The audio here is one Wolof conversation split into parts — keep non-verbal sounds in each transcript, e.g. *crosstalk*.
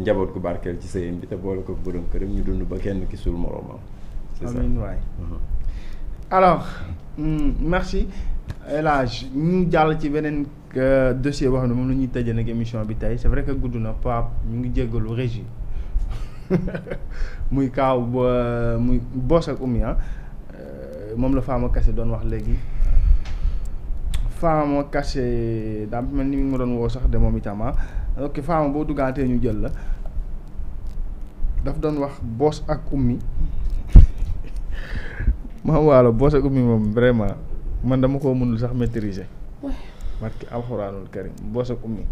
njaboot gu barkeel ci sëyam bi te boole ko borom këram ñu dund ba kenn ki suul moroomam. c'est ça amiin waay mhm. alors hmm, merci El ñu jàll ci beneen euh, dossier boo xam ne moom la ñuy tëjee nag émission bi tey c'est vrai que gudd na Pape ñu ngi jéggalu régie *laughs* muy kaaw ba euh, muy boos ak Oumy ah. euh, moom la Fama Kassé doon wax léegi. faama caché daa mel ni mu doon woo sax de moom itam ah. ok faama boo duggaatee ñu jël la daf doon wax boos ak ummi *laughs* maam waalo boos ak ummi moom vraiment man dama koo mënul sax maîtriser. barki alxuraanul karim boos ak ummi.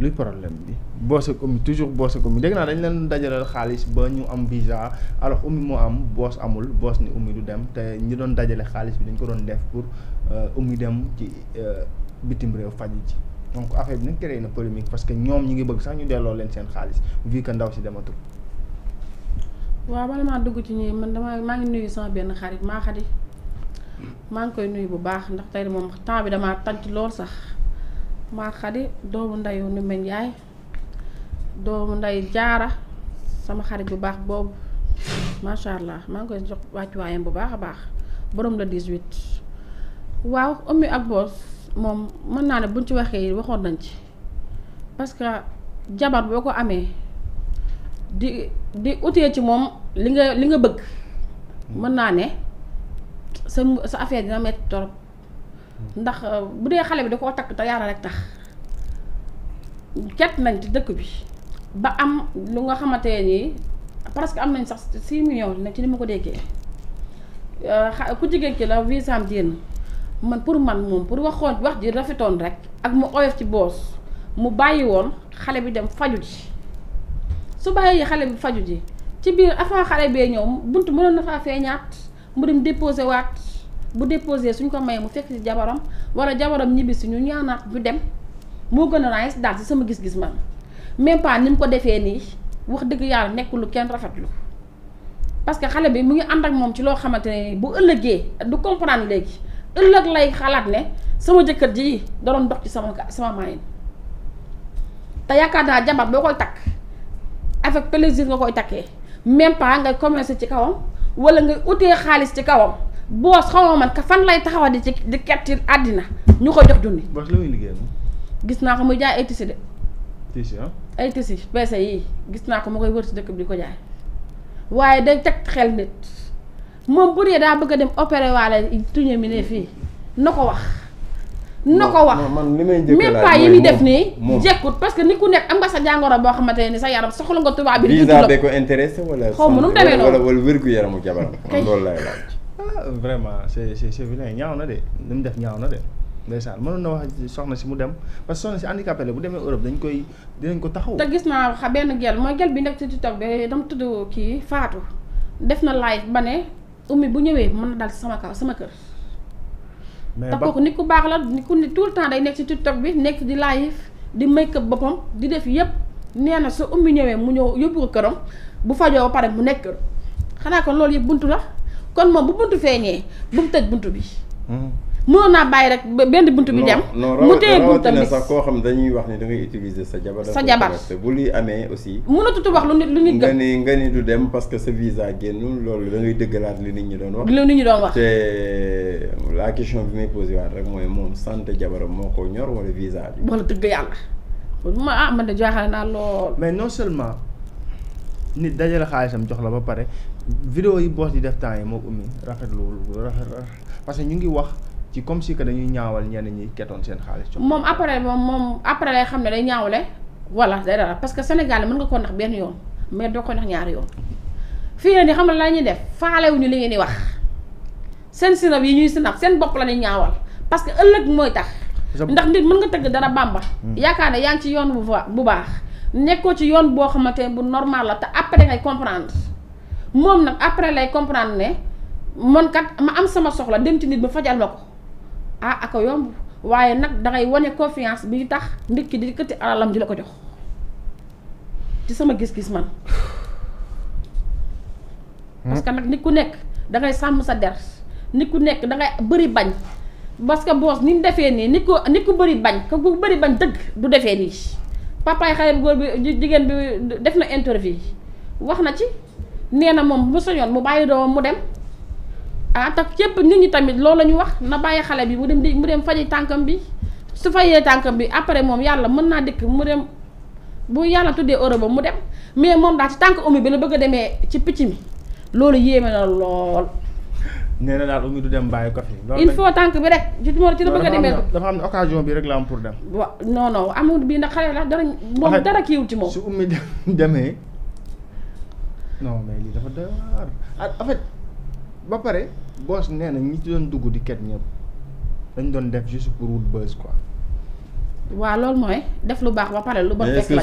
luy problème bi boose ak ummi toujours boose ak ummi dégg naa dañ leen dajaleel xaalis ba ñu am visa alors ummi moo am boos amul boos ni ummi du dem te ñu doon dajale xaalis bi dañ ko doon def pour euh, ummi dem ci euh, bitim réew faj ci donc affaire bi nag créé na polémique parce que ñoom ñi ngi bëgg sax ñu delloo leen seen xaalis vu que ndaw si dematul. waaw bala maa dugg ci ñi man dama maa ngi nuyu sama benn xarit maa xadi maa ngi koy nuyu bu baax ndax tey moom temps bi damaa tànc lool sax. maa xadi doomu ndeyu ni doomu nday jaara sama xarit bu baax boobu macha allah maa ngi koy jox wàccuwaayam bu baax a baax boroom la 18. waaw Oumy ak Boss moom mën naa ne buñ ci waxee waxoon nañ ci parce que jabar boo ko amee di di utee ci moom li nga li nga bëgg mën naa ne sa sa affaire dina metti torop ndax euh, bu dee xale bi da koo takk te yàlla rek tax ket nañ ci dëkk bi ba am lu nga xamante nii parce que am nañ sax 6 millions na ci ni ma ko déggee euh, ku jigéen ci la visaam génn man pour man moom pour waxoon wax ji rafetoon rek ak mu oyof ci boos mu bàyyi woon xale bi dem faju ji su bàyyi xale bi faju ji ci biir avant xale bee ñëw bunt mënoon na faa feeñaat mu dem déposé waat bu déposé suñ ko mayee mu fekk ci jabaram wala jabaram ñibbi ñu ñaanaat bu dem moo gën a nice daal ci sama gis-gis man même pas ni mu ko defee nii wax dëgg yàlla nekkul lu kenn rafetlu parce que xale bi mu ngi ànd ak moom ci loo xamante ne bu ëllëgee du comprendre léegi ëllëg lay xalaat ne sama jëkkër ji da dox ci sama sama maayin te yaakaar naa jabar boo koy takk avec plaisir nga koy takkee même pas ngay commencer ci kawam wala ngay utee xaalis ci kawam. boos xaw man ka fan lay taxawa di ci di kettil àddina ñu ko jox junni. la muy liggéey gis naa ko muy jaay ay tissu de. tissu ah? ay tissu yii gis naa ko ma koy wër si dëkk bi di ko jaay waaye day teg xel nit moom bu dee daa bëgg a dem opéré waale tuñe mi ne fii na ko wax. na ko wax même pas yi muy def nii jekkut parce ni ku nekk am nga sa jàngoro boo xamante ne sa yaram soxla nga tubaab bi. di ko intéressé wala. xaw ma nu mu demee noonu wala wala wér gu yaramu jabar loolu lay ah vraiment c'est c'est c'est vilain ñaaw na de li mu def ñaaw na de ndeysaan mënoon na wax soxna si mu dem parce que soxna si handicapé la bu demee Europe dañ koy dinañ ko taxaw te gis naa xa benn gel mooy gel bi nekk ci TikTok bi dama tudd kii Fatou def na live ba ne ummi bu ñëwee mën na dal sama kaw sama kër mais te kooku ku baax la nit ku le temps day nekk ci TikTok bi nekk di live di make up boppam di def yëpp nee na su ummi ñëwee mu ñëw yóbbu ko këram bu fajoo ba pare mu nekk xanaa kon loolu yëpp buntu la kon moom bu buntu feeñee bu mu tëj buntu bi. Hmm. mënoon naa bàyyi rek benn buntu bi dem. mu téye buntam bi sax koo xam dañuy wax ni da ngay utiliser sa jabar. sa jabar bu luy amee aussi. mënatut wax lu nit lu nit. nga ni nga du dem parce que sa génnul loolu da ngay nit ñi doon wax. li nit ñi doon wax la question bi may posé waat rek mooy moom sant jabaram moo ko ñor wala visa bi. wala dëgg yàlla ma ah man de jaaxal naa lool. mais non seulement dajale xaalisam jox la ba pare vidéo yi boo di def temps yi moo ummi rafet loolu parce que ñu ngi wax ci comme si que dañuy ñaawal ñenn ñi ketoon seen xaalis. moom après moom moom après lay xam ne day ñaawale wala day dara parce que Sénégal mën nga koo nax benn yoon mais doo ko nax ñaari yoon. fii ne ni xam ñuy def faalewuñu li ngeen di wax seen sinab yi ñuy sinab seen bopp la ñuy ñaawal parce que ëllëg mooy tax. ndax nit mën nga tëgg dara bàmba. Hmm. yaakaar ne yaa ngi ci yoon bu bu baax nekkoo ci yoon boo xamante bu normal la te après ngay comprendre. moom nag après lay comprendre ne man kat ma am sama soxla dem ci nit ba fajal ma ko ah ako yomb waaye nag dangay wane confiance bi tax nit ki di këtti alalam di la ko jox ci sama gis-gis man hmm? parce que nag nit ku nekk dangay sàmm sa der nit ku nekk dangay bëri bañ parce que boos ni defee nii nit ko nit ku bëri bañ ko ku bëri bañ dëgg du defee nii papaay xale bu góor bi jigéen bi def na interview wax na ci nee na moom bu sañoon mu bàyyi doomam mu dem ah te yépp nit ñi tamit loolu la ñu wax na bàyyi xale bi mu dem di mu dem faji tànkam bi su fajee tànkam bi après moom yàlla mën naa dikk mu dem bu yàlla tuddee Europe mu dem mais moom daal ci tànk ummi bi la bëgg a demee ci picc mi loolu yéeme na lool. nee na daal ummi du dem bàyyi ko fi. il faut tànk bi rek ci ci la bëgg a demee. dafa am occasion bi rek la am pour dem. wa non non amul bii nag xale la dara moom dara kiiwul ci moom. su ummi non mais lii dafa doy waar ah, ba pare boos nee na ñi ci doon dugg di ket ñëpp dañ doon def juste pour wut buzz quoi. loolu mooy def lu baax ba pare lu bon fekk la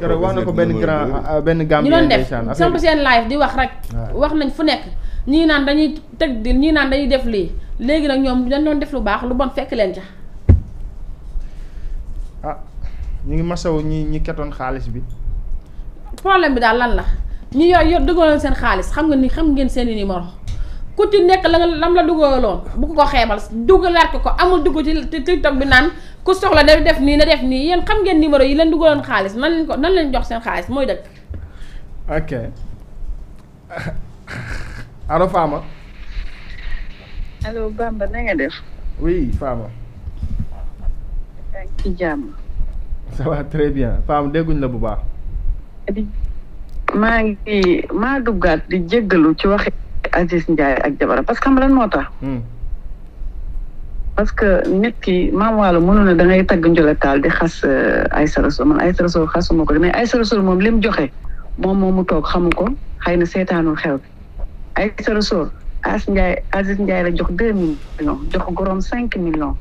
keroog wax na ko benn grand benn gambien ñu doon def samp seen live di wax rek wax nañ fu nekk ñii naan dañuy tëg di ñii naan dañuy def lii léegi nag ñoom dañ doon def lu baax lu bon fekk leen ca ah, ñu ngi masawu ñi ñi ketoon xaalis bi problème bi daal lan la ñi yooyu yor dugaloon seen xaalis xam nga ni xam ngeen seen i numéro ku nekk la nga lam la dugaloon bu ko xeebal dugalaat ko ko amul dugg ci TikTok bi naan ku soxla day def nii na def nii yéen xam ngeen numéro yi leen dugaloon xaalis nan ko nan jox seen xaalis mooy dëkk. ok *laughs* allo Fama. allo Bamba na nga def. oui Fama. yaa ngi ci jàmm. ça va très dégguñ la bu baax. maa ngi maa duggaat di jéggalu ci waxe Aziz Ndiaye ak jabaram parce que xam lan moo tax hmm. parce que nit ki maam waalo mënu na da ngay tagg njoletaal di xas eh, ay Rassoul man Aïssa Rassoul xasuma ko mais Aïssa Rassoul moom li joxe moom mu toog xamu ko xëy na seetaanul xew bi ay Rassoul As Ndiaye Aziz Ndiaye la jox deux millions jox gorom cinq millions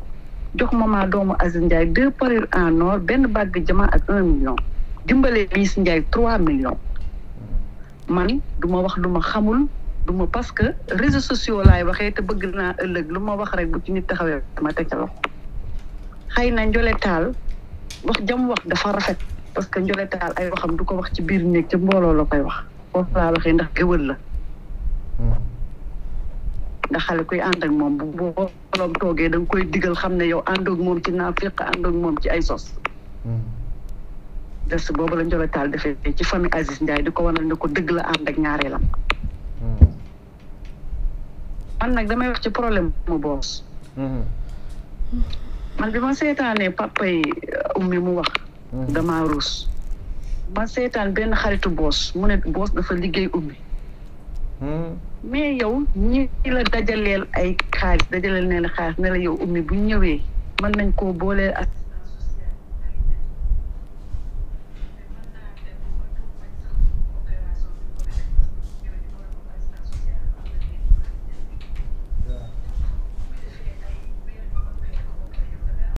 jox mama doomu Aziz Ndiaye deux parures en or benn bàgg jama ak un million dimbale Liis Ndiaye trois millions man du ma wax lu ma xamul du ma parce que réseaux sociaux laay waxee te bëgg naa ëllëg lu ma wax rek bu ci nit taxawee ma teg ca loxo na njoletaal wax jam wax dafa rafet parce que njoletaal ay waxam du ko wax ci biir néeg ca mbooloo la koy wax foofu laa waxee ndax géwël la hmm. ndax xale koy ànd ak moom bu mbooloom toogee da koy digal xam ne yow àndoog moom ci naafiq àndoog moom ci ay sos hmm. geste boobu la Ndiobé taal defee ci famille Aziz Ndiaye di ko wanal ne ko dëgg la ànd ak ñaareelam. Hmm. man nag damay wax ci problème mu boos. Hmm. man bi ma seetaanee papa yi uh, ummi mu wax. Hmm. damaa ruus. ma seetaan benn xaritu boos mu ne boos dafa liggéey ummi. mais yow ñi la dajaleel ay xaalis dajaleel ne la xaalis ne la yow umi bu ñëwee mën nañ koo booleel ak.